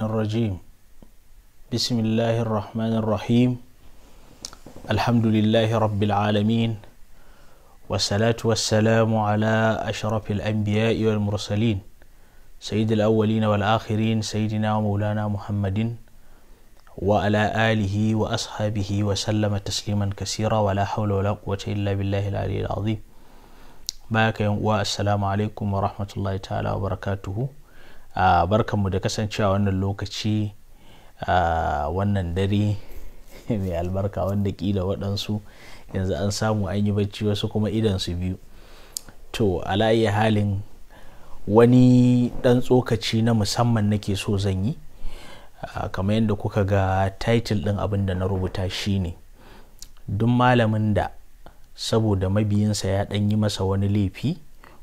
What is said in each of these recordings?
الرجيم بسم الله الرحمن الرحيم الحمد لله رب العالمين والصلاة والسلام على أشرف الأنبياء والمرسلين سيد الأولين والآخرين سيدنا ومولانا محمد وعلى آله وأصحابه وسلم تسليما كثيرا ولا حول ولا قوة إلا بالله العلي العظيم باك والسلام السلام عليكم ورحمة الله تعالى وبركاته barkanmu da kasancewa wannan lokaci wannan dare mai albarka wanda kila waɗansu yanzu an samu an yi bacci wasu kuma idansu biyu to alayi halin wani ɗan tsokaci na musamman nake so zan yi kamar yadda kuka ga title ɗin abin da na rubuta shi ne duk malamin da saboda mabiyinsa ya ɗan yi masa wani laifi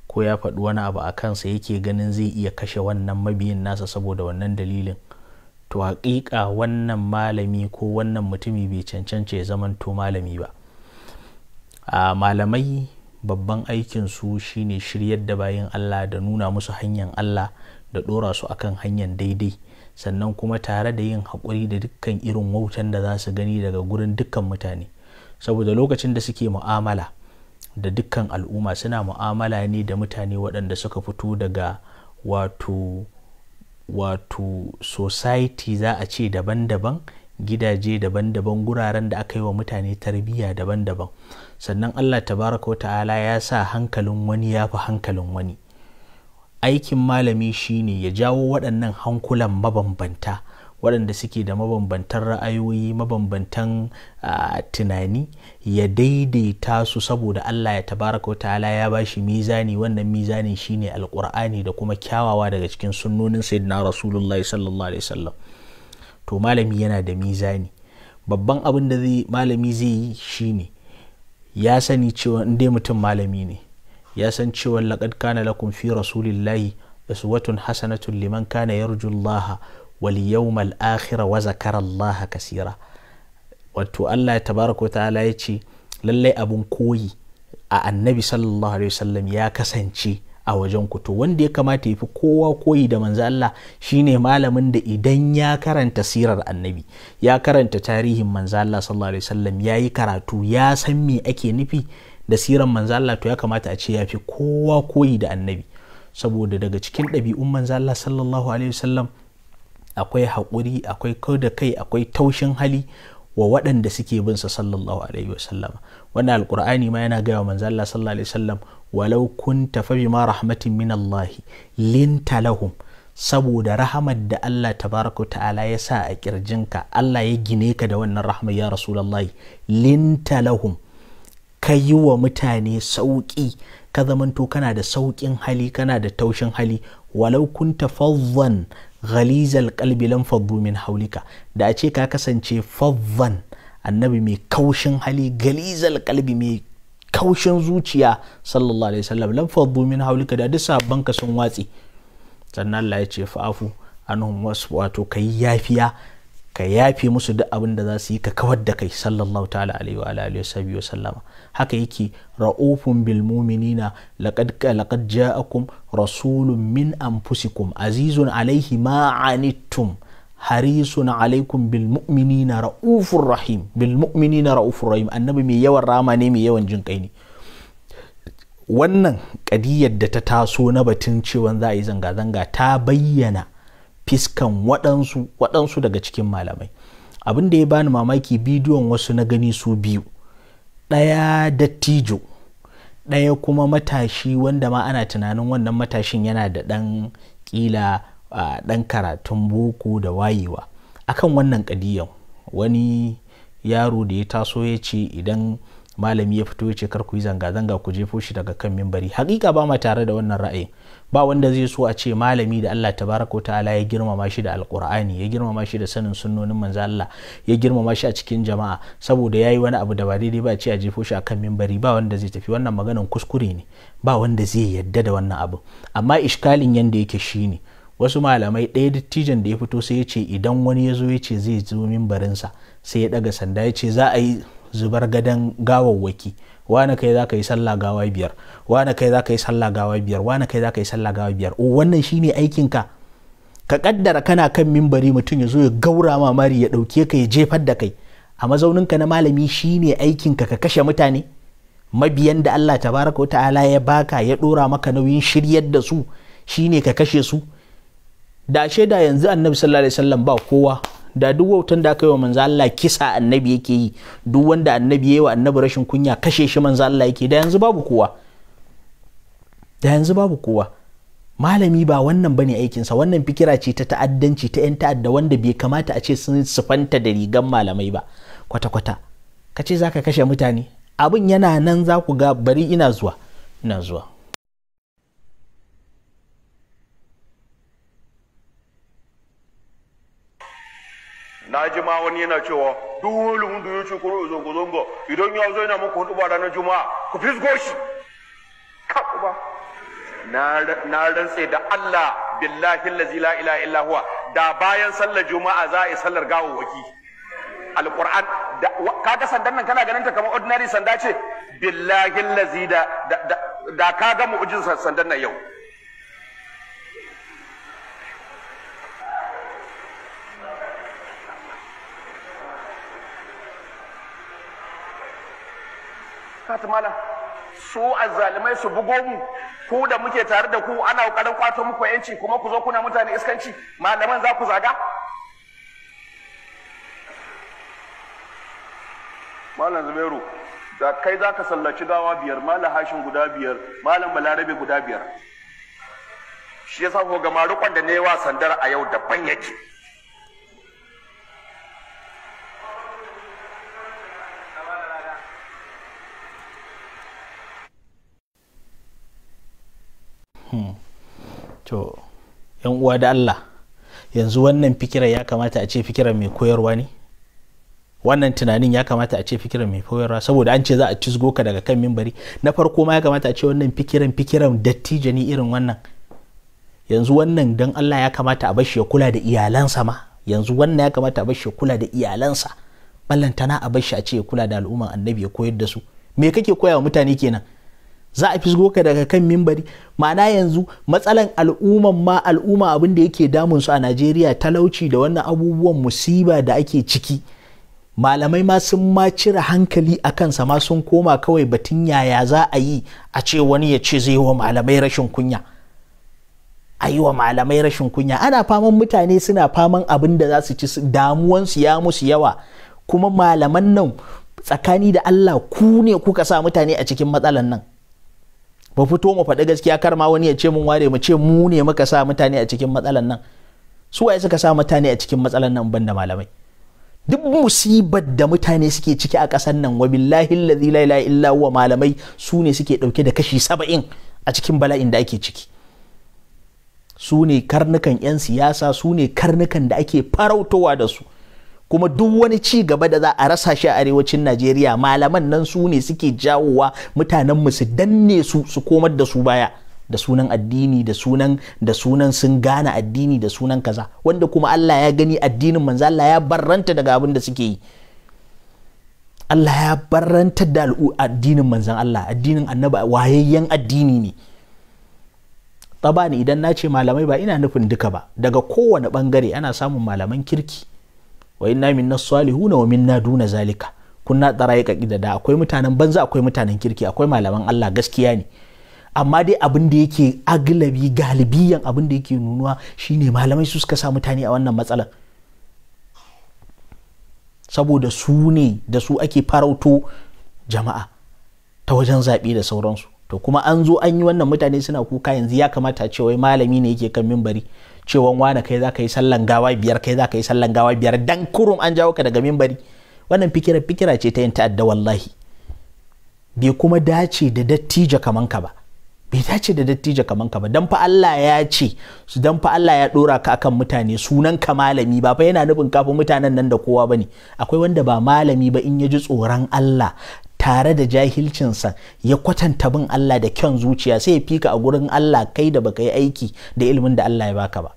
ko ya faɗi wani abu a kansa yake ganin zai iya kashe wannan mabiyin nasa saboda wannan dalilin to haƙiƙa wannan malami ko wannan mutumi bai cancance ya zamanto malami ba a malamai babban aikinsu shine shiryar da bayan allah da nuna musu hanyar allah da ɗora su akan hanyar daidai sannan kuma tare da yin haƙuri da dukkan irin wautan da za su gani daga gurin dukkan mutane saboda lokacin da suke mu'amala da dukkan al'umma suna mu'amala ne da mutane waɗanda suka fito daga wato wato society za a ce daban-daban gidaje daban-daban guraren da aka yi wa mutane tarbiyya daban-daban sannan allah tabaraka ta'ala ya sa hankalin wani ya fi hankalin wani aikin malami shine ya jawo waɗannan hankulan mabambanta waɗanda suke da mabambantan ra'ayoyi mabambantan tunani ya daidaita su saboda Allah ya tabaraka ta'ala ya ba shi mizani wannan mizani shine alkur'ani da kuma kyawawa daga cikin sunnonin sayyidina rasulullahi sallallahu alaihi wasallam to malami yana da mizani babban abin da malami zai yi shine ya sani cewa in dai mutum malami ne ya san cewa laqad kana lakum fi rasulillahi uswatun hasanatun liman kana yarjullaha wal yawmal akhir wa zakara kasira wato Allah ya tabaraka wa ta'ala ya ce lallai abun koyi a annabi sallallahu alaihi wasallam ya kasance a wajen ku to wanda ya kamata ya fi kowa koyi da manzo Allah shine malamin da idan ya karanta sirar annabi ya karanta tarihin manzo Allah sallallahu alaihi wasallam ya yi karatu ya san me ake nufi da sirar manzo Allah to ya kamata a ce ya fi kowa koyi da annabi saboda daga cikin ɗabi'un manzo Allah sallallahu alaihi wasallam akwai haƙuri akwai kau da kai akwai taushin hali wa waɗanda suke bin sa sallallahu alaihi sallam wannan alqur'ani ma yana gaya wa manzo Allah sallallahu alaihi wasallam walau kunta fa bima rahmatin min Allah linta lahum saboda rahamar da Allah tabaraka ta'ala ya sa a kirjinka Allah ya gine ka da wannan rahama ya rasulullahi linta lahum ka yi wa mutane sauƙi ka zamanto kana da sauƙin hali kana da taushin hali walau kunta fazzan ghalizal kalbi lam faddu min haulika da a ce ka kasance faddan annabi mai kaushin hali ghalizal kalbi mai kaushin zuciya sallallahu alaihi wasallam lam faddu min haulika da duk ka sun watsi sannan Allah ya ce fa'afu anhum wasu wato yi yafiya ka yafe musu duk abin da za su yi ka kawar da kai sallallahu ta'ala alaihi wa alihi wa sallama haka yake ra'ufun bilmuminina mu'minina laqad ja'akum rasulun min anfusikum azizun alaihi ma'anittum harisun alaikum bil mu'minina rahim rahim annabi mai yawan rama ne mai yawan jin kai ne wannan kadiyar da ta taso na batun cewa za a yi zanga-zanga ta bayyana fiskan waɗansu waɗansu daga cikin malamai abinda ya bani mamaki bidiyon wasu na gani su biyu ɗaya dattijo ɗaya kuma matashi wanda ma ana tunanin wannan matashin yana da ɗan ƙila ɗan karatun boko da wayewa akan wannan ƙadiyan wani yaro da ya taso ya ce idan malami ya fito ya ce kar ku yi zanga-zanga ku jefo shi daga kan mimbari hakika ba ma tare da wannan ra'ayin ba wanda zai so a ce malami da Allah tabaraka ta'ala ya girmama shi da alkur'ani ya girmama shi da sanin sunnonin manzo Allah ya girmama shi a cikin jama'a saboda yayi wani abu da ba daidai ba ce a jefo shi akan mimbari ba wanda zai tafi wannan maganan kuskure ne ba wanda zai yadda da wannan abu amma ishkalin yanda yake shi ne wasu malamai ɗaya dattijan da ya fito sai ya ce idan wani ya zo ya ce zai zo mimbarinsa sai ya ɗaga sanda ya ce za a yi zubar gadon gawawwaki wane kai za ka yi sallah gawa biyar wane kai za ka yi sallah gawa biyar wane kai za ka yi sallah gawa biyar oh, wannan shine aikinka ka kaddara kana kan mimbari mutum ya zo ya gaura ma mari ya dauke ka ya jefar da kai a mazauninka na malami shine aikinka ka kashe mutane mabiyan da Allah tabaraka wa ta'ala ya baka ya dora maka nauyin shiryar da su shine ka kashe su da shaida yanzu annabi sallallahu alaihi wasallam ba kowa da duk wautan da aka yi wa manzo Allah kisa annabi yake yi duk wanda annabi yayi wa annabi rashin kunya kashe shi manzo Allah yake da yanzu babu kowa da yanzu babu kowa malami ba wannan bane aikinsa wannan fikira ce ta ta'addanci ta 'yan ta'adda wanda bai kamata a ce sun sufanta da rigan malamai ba kwata-kwata ka ce kashe mutane abin yana nan za ku ga bari ina zuwa ina zuwa na ji ma wani yana cewa duk wani hundu ya ce kuro zongo zongo idan ya zo yana muku hudu ba ranar juma'a ku fisgo shi ka ba na rantse da Allah billahi allazi la ilaha illa huwa da bayan sallar juma'a za a yi sallar gawawwaki alquran da kaga sandan nan kana ganin ta kamar ordinary sanda ce billahi allazi da da ka ga ujin sandan nan yau kata mala, su azzalimai su bugo mu ku da muke tare da ku ana kokarin kwato muku yanci kuma ku zo kuna mutane iskanci malaman za ku zaga malam zubairu da kai za ka sallaci gawa biyar malam hashin guda biyar malam balarabe guda biyar shi yasa ko ga marukon da ne wa sandar a yau daban yake to yan uwa da Allah yanzu wannan fikira ya kamata a ce fikira mai koyarwa ne wannan tunanin ya kamata a ce fikiran mai koyarwa saboda an ce za a cizgo ka daga kan mimbari na farko ma ya kamata a ce wannan fikiran fikiran dattijo ne irin wannan yanzu wannan don Allah ya kamata a bashi ya kula da iyalansa ma yanzu wannan ya kamata a bashi ya kula da iyalansa ballantana a bashi a ce ya kula da al'umman annabi ya koyar da su me kake koya wa mutane kenan za a fisgo ka daga kan mimbari ma'ana yanzu matsalan al'umman ma al'umma abin da yake damun su a najeriya talauci da wannan abubuwan musiba da ake ciki malamai ma sun ma cire hankali a kansa ma sun koma kawai batun yaya za a yi a ce wani ya ce zai wa malamai rashin kunya a yi wa malamai rashin kunya ana faman mutane suna faman abin da za su ci damuwansu ya musu yawa kuma malaman nan tsakani da allah ku ne kuka sa mutane a cikin matsalan nan ba fito mu faɗi gaskiya kar ma wani ya ce mun ware mu ce mu ne muka sa mutane a cikin matsalan nan su waye suka sa mutane a cikin matsalan nan banda malamai duk musibar da mutane suke ciki a ƙasar nan wa billahi allazi la ilaha illa huwa malamai su ne suke dauke da kashi saba'in a cikin bala'in da ake ciki su ne karnukan 'yan siyasa su ne karnukan da ake farautowa da su kuma duk wani ci gaba da za a rasa shi a arewacin Najeriya malaman nan su ne suke jawowa mutanen mu su danne su su komar da su baya da sunan addini da sunan da sunan sun gane addini da sunan kaza wanda kuma Allah ya gani addinin manzo Allah ya barranta daga abin da suke yi Allah ya barranta da addinin manzon Allah addinin annaba wayayyen addini ne tabani idan na ce malamai ba ina nufin duka ba daga kowane bangare ana samun malaman kirki wa inna minna salihuna wa minna duna zalika kunna tsaraika da akwai mutanen banza akwai mutanen kirki akwai malaman Allah gaskiya ne amma dai abin da yake aglabi galibiyan abin da yake nunuwa shine malamai su suka sa mutane a wannan saboda su ne da su ake farauto jama'a ta wajen zaɓe da sauransu to kuma an zo an yi wannan mutane suna kuka yanzu ya kamata a ce wai malami ne yake kan minbari cewan wane kai za ka yi sallan gawa biyar kai za ka yi sallan gawa biyar dan kurum an jawo ka daga mimbari wannan fikira fikira ce ta yin ta'adda wallahi bai kuma dace da dattijo kaman ka ba bai dace da dattijo kaman ka ba dan fa Allah ya ce su dan fa Allah ya dora ka akan mutane sunan ka malami ba fa yana nufin kafin mutanen nan da kowa bane akwai wanda ba malami ba in ya ji tsoron Allah tare da jahilcinsa ya kwatanta bin Allah da kyan zuciya sai ya fika a gurin Allah kai da baka yi aiki da ilimin da Allah ya baka ba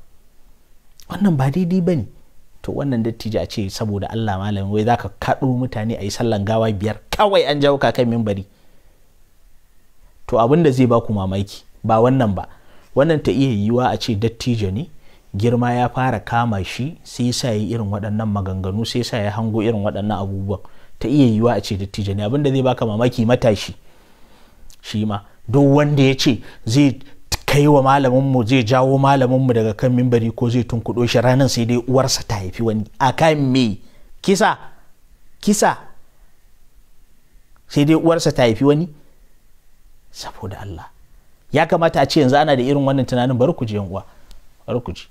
wannan ba daidai ne to wannan dattijo a ce saboda Allah malam wai zaka kaɗo mutane a yi sallan gawa biyar kawai an jawo kakan mimbari to abin da zai ba ku mamaki ba wannan ba wannan ta iya yiwuwa a ce dattijo ne girma ya fara kama shi sai sa yi irin waɗannan maganganu sai sa ya hango irin waɗannan abubuwan ta iya yiwa a ce dattijo ne abinda zai baka mamaki matashi shi ma duk wanda ya ce zai kai wa malaminmu zai jawo malaminmu daga kan mimbari ko zai tunkuɗo shi ranar sai dai uwarsa ta haifi wani a kan me kisa kisa sai dai uwarsa ta haifi wani saboda Allah ya kamata a ce yanzu ana da irin wannan tunanin bari ku ji yan uwa bari ku ji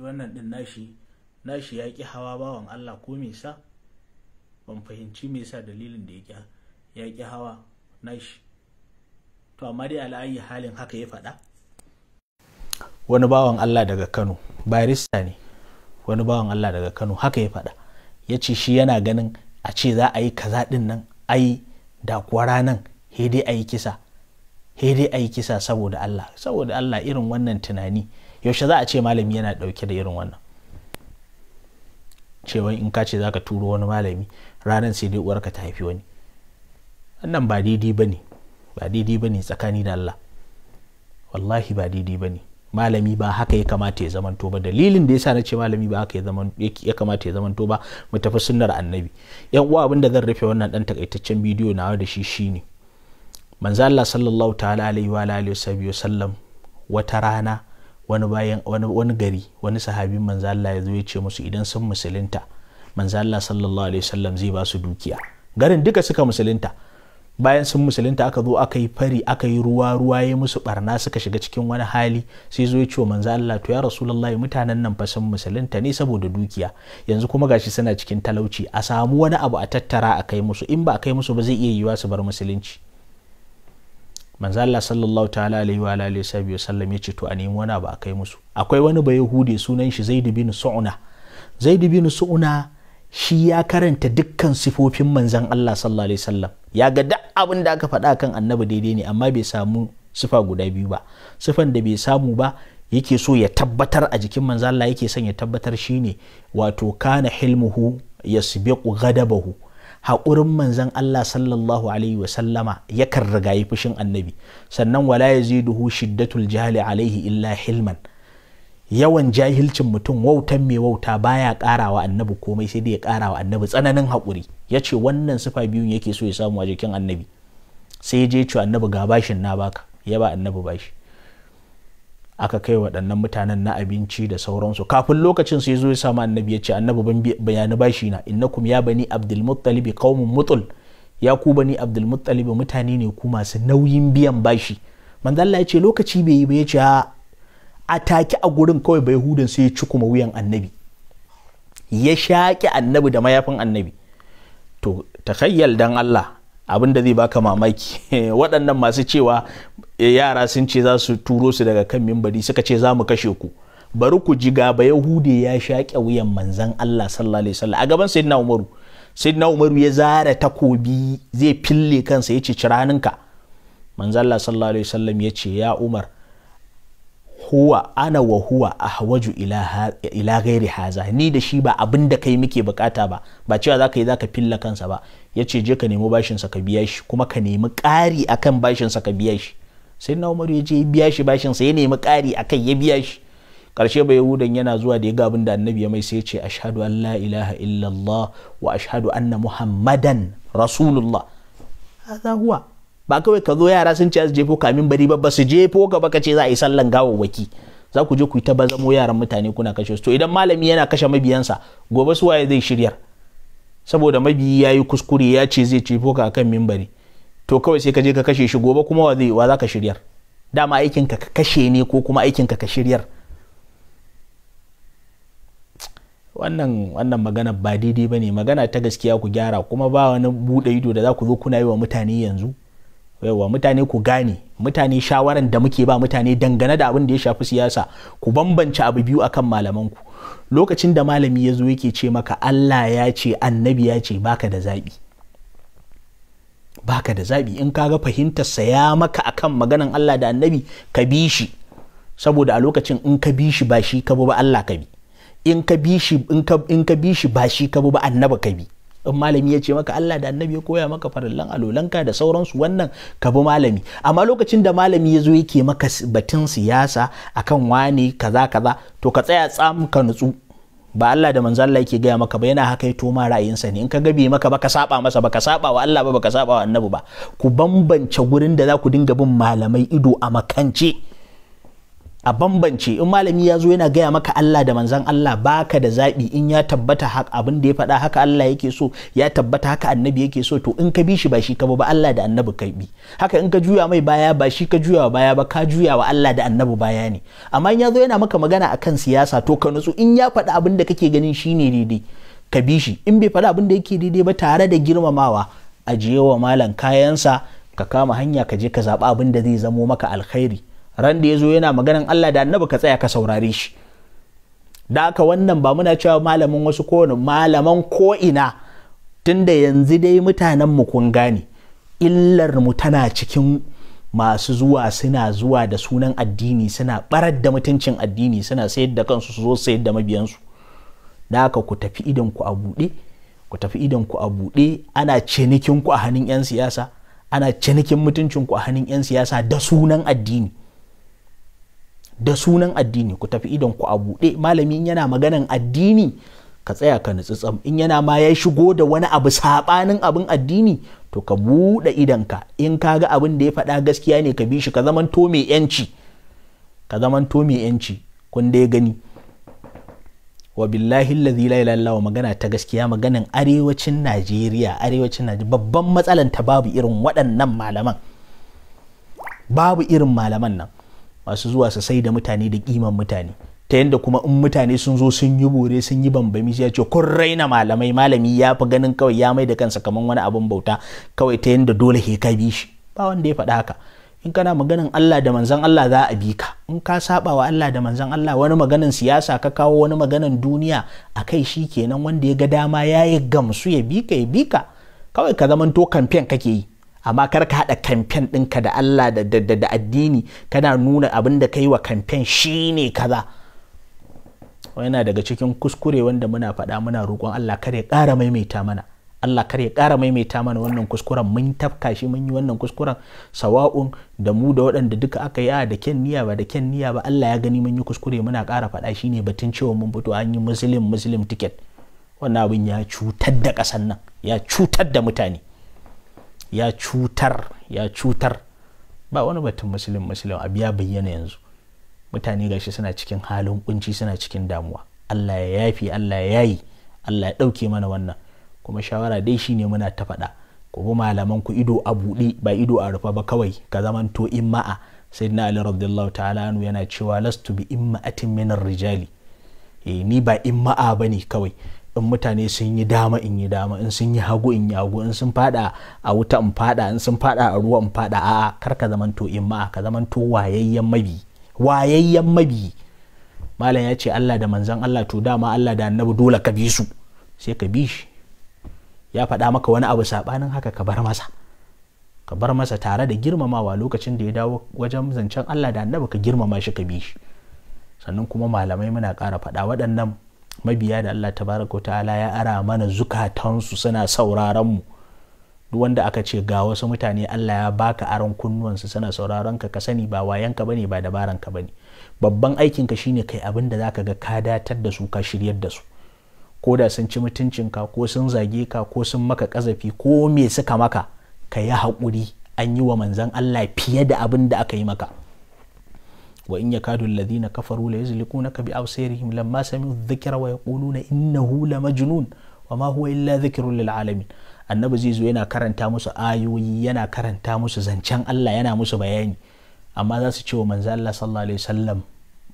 wannan din nashi nashi ya ki hawa bawan Allah ko me sa ban fahimci me sa dalilin da ya ya ki hawa nashi to amma dai al'ayi halin haka ya faɗa wani bawan Allah daga Kano barista ne wani bawan Allah daga Kano haka ya faɗa ya ce shi yana ganin a ce za a yi kaza ɗin nan ai da kuwa ranar he dai a yi kisa he dai a yi kisa saboda Allah saboda Allah irin wannan tunani yaushe za a ce malami yana dauke da irin wannan cewa in ka ce za ka turo wani malami ranar sai dai uwarka ta haifi wani wannan ba daidai ba ne ba daidai ba ne tsakani da Allah wallahi ba daidai ba ne malami ba haka ya kamata ya zamanto ba dalilin da yasa na ce malami ba haka ya kamata ya zamanto ba mu tafi sunnar annabi yan uwa abinda zan rufe wannan dan takaitaccen bidiyo nawa da shi shine manzo Allah sallallahu ta'ala alaihi wa alihi wa sallam wata rana wani bayan wani gari wani sahabi manzo Allah ya zo ya ce musu idan sun musulunta manzo Allah sallallahu alaihi wasallam zai ba su dukiya garin duka suka musulunta bayan sun musulunta aka zo aka yi fari aka yi ruwa ruwa ya musu barna suka shiga cikin wani hali sai zo ya ce manzo Allah to ya rasulullahi mutanen nan fa sun musulunta ne saboda dukiya yanzu kuma gashi suna cikin talauci a samu wani abu a tattara a kai musu in ba a kai musu ba zai iya yiwa su bar musulunci manzo Allah sallallahu ta'ala alaihi wa alihi sallam yace to a nemi wani abu a kai musu akwai wani ba yahude sunan shi Zaid bin Su'una Zaid bin Su'una shi ya karanta dukkan sifofin manzon Allah sallallahu alaihi wasallam ya ga duk abin da aka faɗa kan annabi daidai ne amma bai samu sifa guda biyu ba sifan da bai samu ba yake so ya tabbatar a jikin manzo Allah yake son ya tabbatar shine wato kana hilmuhu yasbiqu ghadabahu haƙurin manzan Allah sallallahu alaihi wa sallama yakan rigayi fushin annabi sannan wala ya zai duhu shiddatul jihali alaihi illa hilman yawan jahilcin mutum wautan mai wauta baya karawa annabi komai sai dai ya karawa annabi tsananin haƙuri ya ce wannan sifa biyun yake so ya samu a jikin annabi sai ya je ce annabi ga bashin na baka ya ba annabi bashi aka kai waɗannan mutanen na abinci da sauransu kafin lokacin su zo ya samu annabi ya ce annabi ban bayani bashi na innakum ya bani abdul muttalib qaumun mutul ya ku bani abdul muttalib mutane ne ku masu nauyin biyan bashi manzo Allah ya ce lokaci bai yi ba ya ce a take a gurin kawai bai hudun sai ya ci kuma wuyan annabi ya shaki annabi da mayafin annabi to takhayyal dan Allah abin da zai baka mamaki waɗannan masu cewa yara sun ce za su turo su daga kan mimbari suka ce za mu kashe ku bari ku ji gaba yahudi ya sha wuyan manzan Allah sallallahu alaihi wasallam a gaban sayyidina umaru sayyidina umaru ya zara takobi zai fille kansa ya ce ciraninka manzan Allah sallallahu alaihi wasallam ya ce ya umar huwa ana wa huwa a hawaju ila gairi haza ni da shi ba abin da kai muke bukata ba ba cewa ka yi ka filla kansa ba yace je ka nemi bashin ka biya shi kuma ka nemi ƙari akan bashin sa ka biya shi sai na umaru ya ce ya biya shi bashin sa ya nemi ƙari a kai ya biya shi karshe bai yahudan yana zuwa da ya ga abin da annabi ya mai sai ya ce ashhadu an la ilaha illallah wa ashhadu anna muhammadan rasulullah huwa ba kawai ka zo yara sun ce su jefo kamin bari ba su jefo ka baka ce za a yi sallan gawawwaki za ku je ku yi ta bazamo yaran mutane kuna kashe su to idan malami yana kashe mabiyansa gobe su waye zai shiryar saboda mabiyi ya yi kuskure ya ce zai jefo ka akan mimbari to kawai sai ka je ka kashe shi gobe kuma wa zai wa za ka shiryar dama aikin ka kashe ne ko kuma aikin ka ka shiryar wannan wannan magana ba daidai bane magana ta gaskiya ku gyara kuma ba wani bude ido da za ku zo kuna yi wa mutane yanzu yawa mutane ku gane mutane shawaran da muke ba mutane dangane da abin da ya shafi siyasa ku bambance abu biyu akan malaman ku lokacin da malami ya zo yake ce maka Allah ya ce annabi ya ce baka da zaɓi baka da zaɓi in kaga fahimtar saya ya maka akan maganan Allah da Annabi ka bi shi saboda a lokacin in ka bi shi ba shi ka ba Allah ka bi in ka bi shi in ka bi shi ba shi ka ba annaba ka bi in malami ya ce maka Allah da annabi ya koya maka farallan alolanka da sauransu wannan ka bi malami amma lokacin da malami ya zo yake maka batun siyasa akan wane kaza kaza to ka tsaya tsam ka nutsu ba Allah da manzo Allah yake gaya maka ba yana haka yato ma ra'ayinsa ne in ka gabe maka ba ka saba masa ba ka saba wa Allah ba ba ka saba wa annabi ba ku bambance gurin da za ku dinga bin malamai ido a makance a bambance in malami ya zo yana gaya maka Allah da manzan Allah baka da zaɓi in ya tabbata abin da ya faɗa haka Allah yake so ya tabbata haka annabi yake so to in ka bi shi ba shi ka ba Allah da annabi ka bi haka in ka juya mai baya ba shi ka juya baya ba ka juya wa Allah da annabi baya ne amma in ya zo yana maka magana akan siyasa to ka nutsu in ya faɗa abin da kake ganin shine daidai ka bi shi in bai faɗa abin da yake daidai ba tare da girmamawa ajiye wa malam kayansa ka kama hanya ka je ka zaɓa abin da zai zamo maka alkhairi ran da ya zo yana maganan Allah da annabi ka tsaya ka saurare shi da aka wannan ba muna cewa malamin wasu kowane malaman ko ina tunda yanzu dai mutanen mu kun gane illar mu tana cikin masu zuwa suna zuwa da sunan addini suna barar da mutuncin addini suna sayar da kansu su zo sayar da mabiyansu da aka ku tafi idan ku a buɗe ku tafi idan ku a buɗe ana cinikin ku a hannun 'yan siyasa ana cinikin mutuncin ku a hannun 'yan siyasa da sunan addini da sunan addini ku tafi idon ku a buɗe malami yana maganan addini ka tsaya ka nutsu tsam in yana ma ya shigo da wani abu saɓanin abin addini to ka buɗe idon ka in ka ga abin da ya faɗa gaskiya ne ka bi shi ka to mai yanci ka zamanto mai yanci kun dai gani wa billahi allazi la ilaha illa magana ta gaskiya maganan arewacin Najeriya arewacin Najeriya babban matsalan ta babu irin waɗannan malaman babu irin malaman nan masu zuwa su sai da mutane da kiman mutane ta yadda kuma in mutane sun zo sun yi bore sun yi bambami sai ce kun raina malamai malami ya fi ganin kawai ya mai da kansa kamar wani abin bauta kawai ta yadda dole ke ka bi shi ba wanda ya faɗa haka in kana maganin Allah da manzan Allah za a bi ka in ka saba wa Allah da manzan Allah wani maganin siyasa ka kawo wani maganin duniya a kai shi kenan wanda ya ga dama ya yi gamsu ya bi ka ya bi ka kawai ka zamanto kamfen kake yi amma kar ka haɗa kamfen ɗinka da Allah da addini kana nuna abin da ka yi wa kamfen shi ne kaza yana daga cikin kuskure wanda muna faɗa muna roƙon Allah kar ya ƙara maimaita mana Allah kar ya ƙara maimaita mana wannan kuskuren mun tafka shi mun yi wannan kuskuren sawa'un da mu da waɗanda duka aka yi a da kyan niyya ba da ken niyya ba Allah ya gani mun yi kuskure muna ƙara faɗa shi ne batun cewa mun fito an yi muslim muslim ticket wannan abin ya cutar da ƙasar nan ya cutar da mutane ya cutar ya cutar ba wani batun musulun musulun abu ya bayyana yanzu mutane gashi suna cikin halin kunci suna cikin damuwa allah ya yafi allah ya yayi allah ya dauke mana wannan kuma shawara dai shine muna ta faɗa ku bi malaman ku ido a buɗe ba ido a rufa ba kawai ka zamanto to in ma'a sayyidina ali radiyallahu ta'ala anu yana cewa lastu bi imma'atin minar rijali eh ni ba imma'a ma'a bane kawai in mutane sun yi dama in yi dama in sun yi hagu in yi hagu in sun fada a wuta in fada in sun fada a ruwa in fada a kar ka zamanto imma ka zamanto wayayyen mabi wayayyen mabi malam ya ce Allah da manzon Allah to dama Allah da annabi dole ka bi su sai ka bi shi ya faɗa maka wani abu saɓanin haka ka bar masa ka bar masa tare da girmamawa lokacin da ya dawo wajen zancen Allah da annabi ka girmama shi ka bi shi sannan kuma malamai muna ƙara faɗa waɗannan mabiya da Allah tabaraka ta'ala ya ara mana zukatansu suna sauraron mu duk wanda aka ce ga wasu mutane Allah ya baka aron kunnuwansu suna sauraron ka ka sani ba wayanka bane ba dabaran ka bane babban aikin ka shine kai abin da zaka ga ka datar da su ka shiryar da su ko da sun ci mutuncinka ko sun zage ka ko sun maka kazafi ko me suka maka ka yi haƙuri an yi wa manzan Allah fiye da abin da aka yi maka wa in yakadu alladhina kafaru la yuzliqunaka bi absarihim lamma sami'u dhikra wa yaquluna innahu hula majnun wa illa dhikrun lil annabi zai zo yana karanta musu ayoyi yana karanta musu zancen Allah yana musu bayani amma za su ce wa manzo Allah sallallahu alaihi wasallam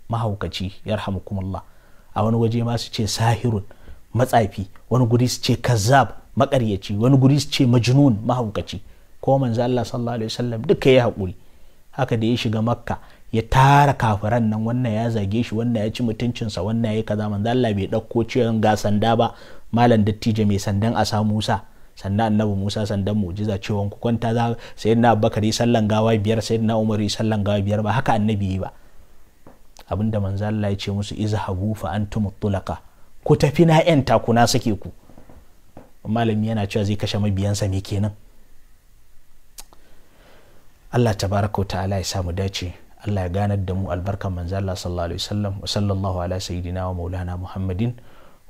mahaukaci yarhamukumullah a wani waje ma su ce sahirun matsafi wani guri su ce kazzab makaryaci wani guri su ce majnun mahaukaci ko manzo Allah sallallahu alaihi wasallam duka ya hakuri haka da ya shiga makka ya tara kafiran nan wannan ya zage shi wannan ya ci mutuncinsa wannan ya yi kaza manzo Allah bai ɗauko ciwon ga sanda ba malam dattijo mai sandan asa Musa sanda annabi Musa sandan mu'jiza ciwon ku kwanta za sayyidina Abubakar sallan gawa biyar sayyidina Umar sallan gawa biyar ba haka annabi yi ba abinda manzo Allah ya ce musu izhabu fa antum tulaka ku tafi na yan takuna sake ku malami yana cewa zai kashe sa me kenan Allah tabaraka wa ta'ala ya samu dace Allah ya ganar da mu albarkan manzo Allah sallallahu alaihi wasallam wa sallallahu ala sayyidina wa maulana Muhammadin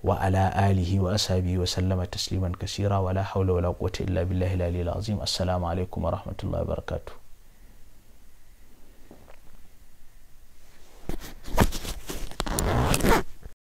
wa ala alihi wa ashabihi wa sallama tasliman kasira wa la hawla wa la quwwata illa billahi al-aliyyil azim assalamu alaikum wa rahmatullahi wa barakatuh